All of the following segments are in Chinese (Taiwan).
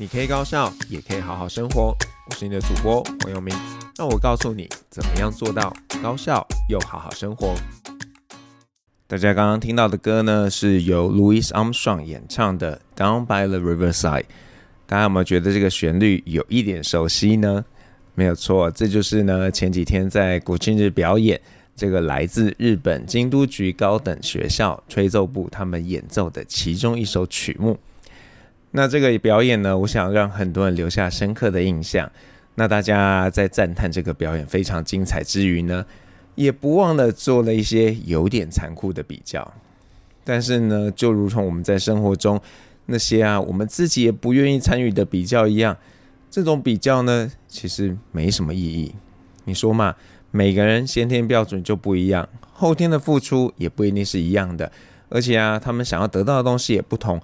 你可以高效，也可以好好生活。我是你的主播黃友明，那我告訴你怎麼樣做到高效又好好生活。大家剛剛聽到的歌呢，是由 Louis Armstrong 演唱的《Down by the Riverside》。大家有沒有覺得這個旋律有一點熟悉呢？沒有錯，這就是呢前幾天在國慶日表演這個來自日本京都橘高等學校吹奏部他們演奏的其中一首曲目。那這個表演呢，我想讓很多人留下深刻的印象。那大家在讚嘆這個表演非常精彩之餘呢，也不忘了做了一些有點殘酷的比較。但是呢，就如同我們在生活中那些啊，我們自己也不願意參與的比較一樣，這種比較呢，其實沒什麼意義。你說嘛，每個人先天標準就不一樣，後天的付出也不一定是一樣的，而且啊，他們想要得到的東西也不同。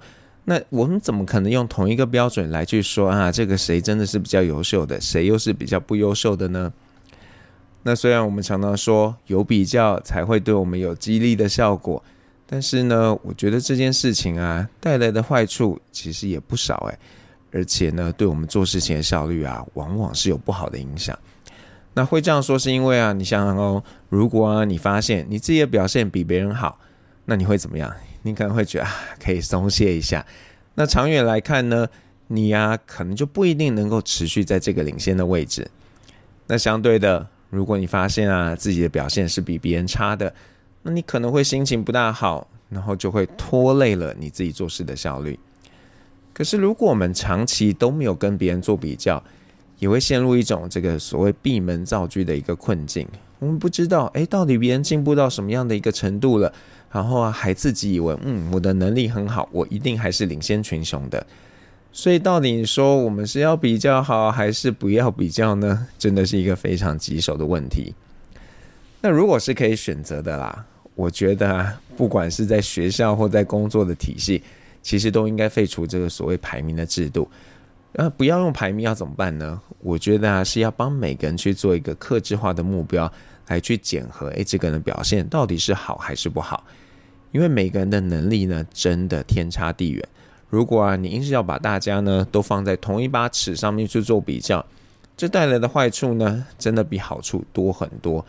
那我們怎麼可能用同一個標準來去說啊？這個誰真的是比較優秀的，誰又是比較不優秀的呢？那雖然我們常常說有比較才會對我們有激勵的效果，但是呢，我覺得這件事情啊，帶來的壞處其實也不少誒，而且呢，對我們做事情的效率啊，往往是有不好的影響。那會這樣說是因為啊，你想想哦，如果啊，你發現你自己的表現比別人好，那你會怎麼樣？你可能會覺得啊，可以鬆懈一下。那長遠來看呢，你呀、啊、可能就不一定能夠持續在這個領先的位置。那相對的，如果你發現啊，自己的表現是比別人差的，那你可能會心情不大好，然後就會拖累了你自己做事的效率。可是如果我們長期都沒有跟別人做比較，也會陷入一種這個所謂閉門造車的一個困境。我們不知道哎、欸，到底別人進步到什麼樣的一個程度了。然後還自己以為，嗯，我的能力很好，我一定還是領先群雄的。所以，到底說我們是要比較好，還是不要比較呢？真的是一個非常棘手的問題。那如果是可以選擇的啦，我覺得啊，不管是在學校或在工作的體系，其實都應該廢除這個所謂排名的制度。那、呃、不要用排名要怎麼辦呢？我覺得啊，是要幫每個人去做一個客製化的目標。來去檢核誒，這個人的表現到底是好還是不好？因為每個人的能力呢，真的天差地遠。如果啊，你硬是要把大家呢都放在同一把尺上面去做比較，這帶來的壞處呢，真的比好處多很多。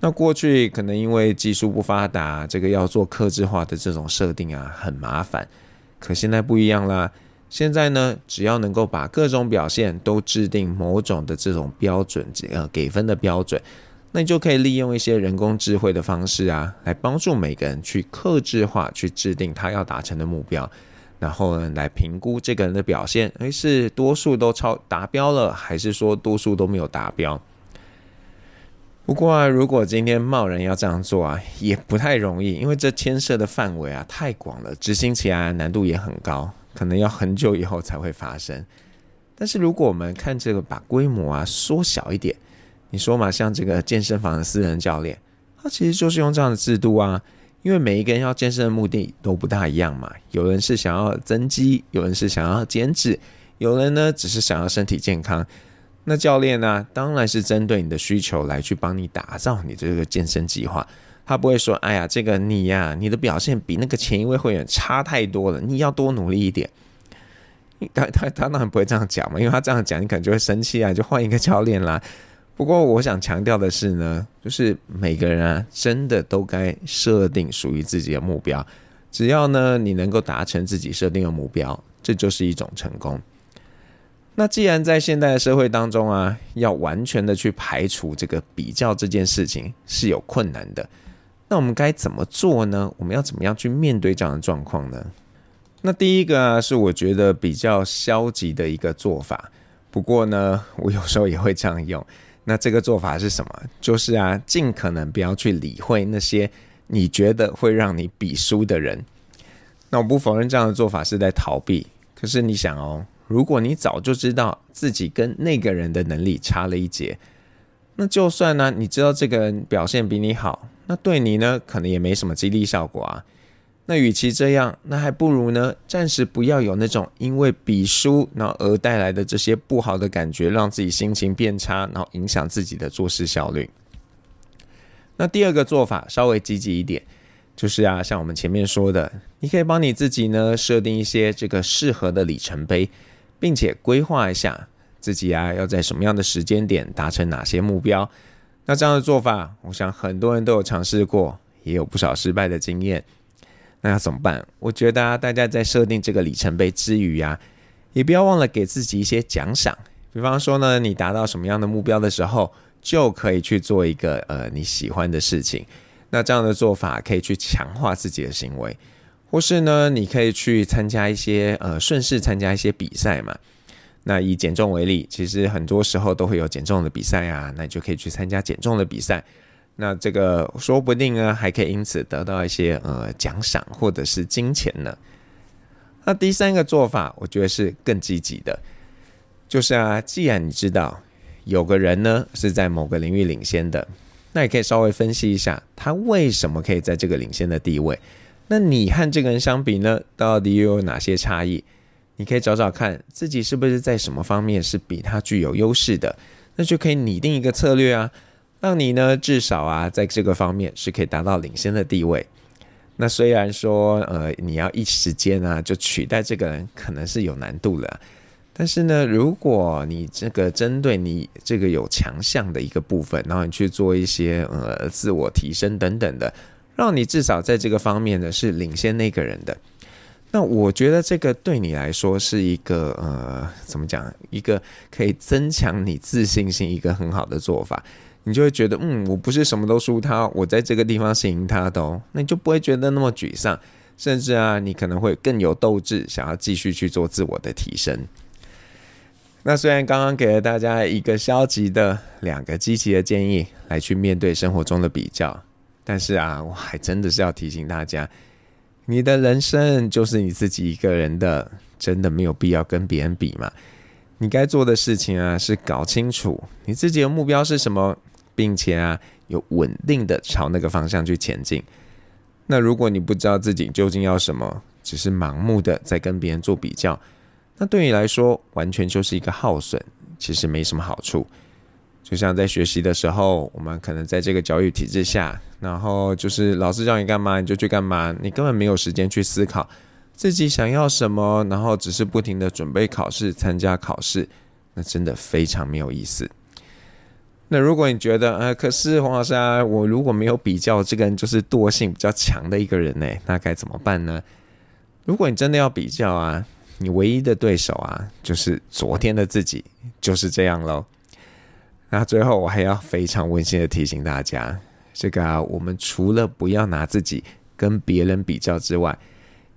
那過去可能因為技術不發達，這個要做客製化的這種設定啊，很麻煩。可現在不一樣啦，現在呢，只要能夠把各種表現都制定某種的這種標準，呃，給分的標準。那你就可以利用一些人工智慧的方式啊，來幫助每個人去客製化，去制定他要達成的目標，然後呢，來評估這個人的表現。誒、欸，是多數都超達標了，還是說多數都沒有達標？不過，啊，如果今天貿然要這樣做啊，也不太容易，因為這牽涉的範圍啊太廣了，執行起來難度也很高，可能要很久以後才會發生。但是，如果我們看這個，把規模啊縮小一點。你說嘛，像這個健身房的私人教練，他其實就是用這樣的制度啊，因為每一個人要健身的目的都不大一樣嘛。有人是想要增肌，有人是想要減脂，有人呢只是想要身體健康。那教練呢、啊，當然是針對你的需求來去幫你打造你這個健身計劃。他不會說：“哎呀，這個你呀、啊，你的表現比那個前一位會員差太多了，你要多努力一點。”他他他，他當然不會這樣講嘛，因為他這樣講，你可能就會生氣啊，就換一個教練啦。不過，我想強調的是呢，就是每個人啊，真的都該設定屬於自己的目標。只要呢，你能夠達成自己設定的目標，這就是一種成功。那既然在現代的社會當中啊，要完全的去排除這個比較這件事情是有困難的，那我們該怎麼做呢？我們要怎麼樣去面對這樣的狀況呢？那第一個啊，是我覺得比較消極的一個做法。不過呢，我有時候也會這樣用。那這個做法是什麼？就是啊，盡可能不要去理會那些你覺得會讓你比輸的人。那我不否認這樣的做法是在逃避。可是你想哦，如果你早就知道自己跟那個人的能力差了一截，那就算呢，啊，你知道這個人表現比你好，那對你呢，可能也沒什麼激勵效果啊。那與其這樣，那還不如呢，暫時不要有那種因為比輸，那而帶來的這些不好的感覺，讓自己心情變差，然後影響自己的做事效率。那第二個做法稍微積極一點，就是啊，像我們前面說的，你可以幫你自己呢，設定一些這個適合的里程碑，並且規劃一下自己啊，要在什麼樣的時間點達成哪些目標。那這樣的做法，我想很多人都有嘗試過，也有不少失敗的經驗。那要怎麼辦？我覺得啊，大家在設定這個里程碑之餘呀、啊，也不要忘了給自己一些獎賞。比方說呢，你達到什麼樣的目標的時候，就可以去做一個呃你喜歡的事情。那這樣的做法可以去強化自己的行為，或是呢，你可以去參加一些呃順勢參加一些比賽嘛。那以減重為例，其實很多時候都會有減重的比賽啊，那你就可以去參加減重的比賽。那這個說不定呢，還可以因此得到一些呃獎賞或者是金錢呢。那第三個做法，我覺得是更積極的，就是啊，既然你知道有個人呢是在某個領域領先的，那也可以稍微分析一下他為什麼可以在這個領先的地位。那你和這個人相比呢，到底又有哪些差異？你可以找找看自己是不是在什麼方面是比他具有優勢的，那就可以擬定一個策略啊。讓你呢至少啊，在這個方面是可以達到領先的地位。那雖然說呃，你要一時間啊，就取代這個人可能是有難度了，但是呢，如果你這個針對你這個有強項的一個部分，然後你去做一些呃自我提升等等的，讓你至少在這個方面呢是領先那個人的。那我覺得這個對你來說是一個呃，怎麼講？一個可以增強你自信心，一個很好的做法。你就會覺得，嗯，我不是什麼都輸他，我在這個地方是贏他的哦。那你就不會覺得那麼沮喪，甚至啊，你可能會更有鬥志，想要繼續去做自我的提升。那雖然剛剛給了大家一個消極的、兩個積極的建議來去面對生活中的比較，但是啊，我還真的是要提醒大家，你的人生就是你自己一個人的，真的沒有必要跟別人比嘛。你該做的事情啊，是搞清楚你自己的目標是什麼。並且啊，有穩定的朝那個方向去前進。那如果你不知道自己究竟要什麼，只是盲目的在跟別人做比較，那對你來說完全就是一個耗損，其實沒什麼好處。就像在學習的時候，我們可能在這個教育體制下，然後就是老師叫你幹嘛你就去幹嘛，你根本沒有時間去思考自己想要什麼，然後只是不停的準備考試、參加考試，那真的非常沒有意思。那如果你覺得啊、呃，可是黃老師啊，我如果沒有比較，這個人就是惰性比較強的一個人呢、欸？那該怎麼辦呢？如果你真的要比較啊，你唯一的對手啊，就是昨天的自己，就是這樣嘍。那最後我還要非常溫馨的提醒大家，這個啊，我們除了不要拿自己跟別人比較之外，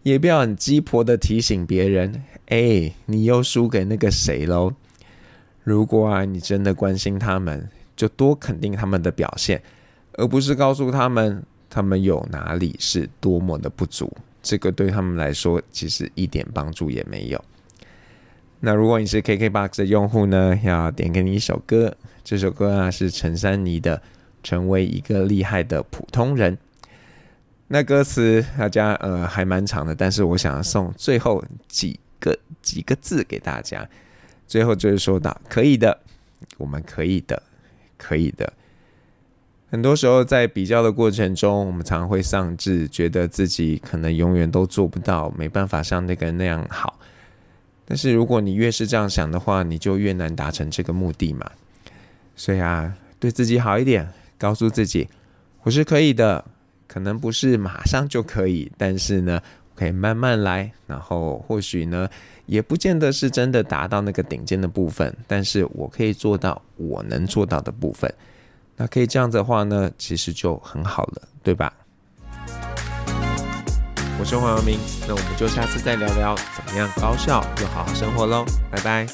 也不要很雞婆的提醒別人，哎、欸，你又輸給那個誰嘍。如果啊，你真的關心他們。就多肯定他們的表現，而不是告訴他們他們有哪裡是多麼的不足。這個對他們來說其實一點幫助也沒有。那如果你是 KKBOX 的用戶呢，要點給你一首歌，這首歌啊是陳珊妮的《成為一個厲害的普通人》。那歌詞大家呃還蠻長的，但是我想要送最後幾個幾個字給大家，最後就是說到可以的，我們可以的。可以的。很多時候在比較的過程中，我們常會喪志，覺得自己可能永遠都做不到，沒辦法像那個人那樣好。但是如果你越是這樣想的話，你就越難達成這個目的嘛。所以啊，對自己好一點，告訴自己我是可以的。可能不是馬上就可以，但是呢。可以慢慢來，然後或許呢，也不見得是真的達到那個頂尖的部分，但是我可以做到我能做到的部分。那可以這樣子的話呢，其實就很好了，對吧？我是黃耀明，那我們就下次再聊聊怎麼樣高效又好好生活嘍，拜拜。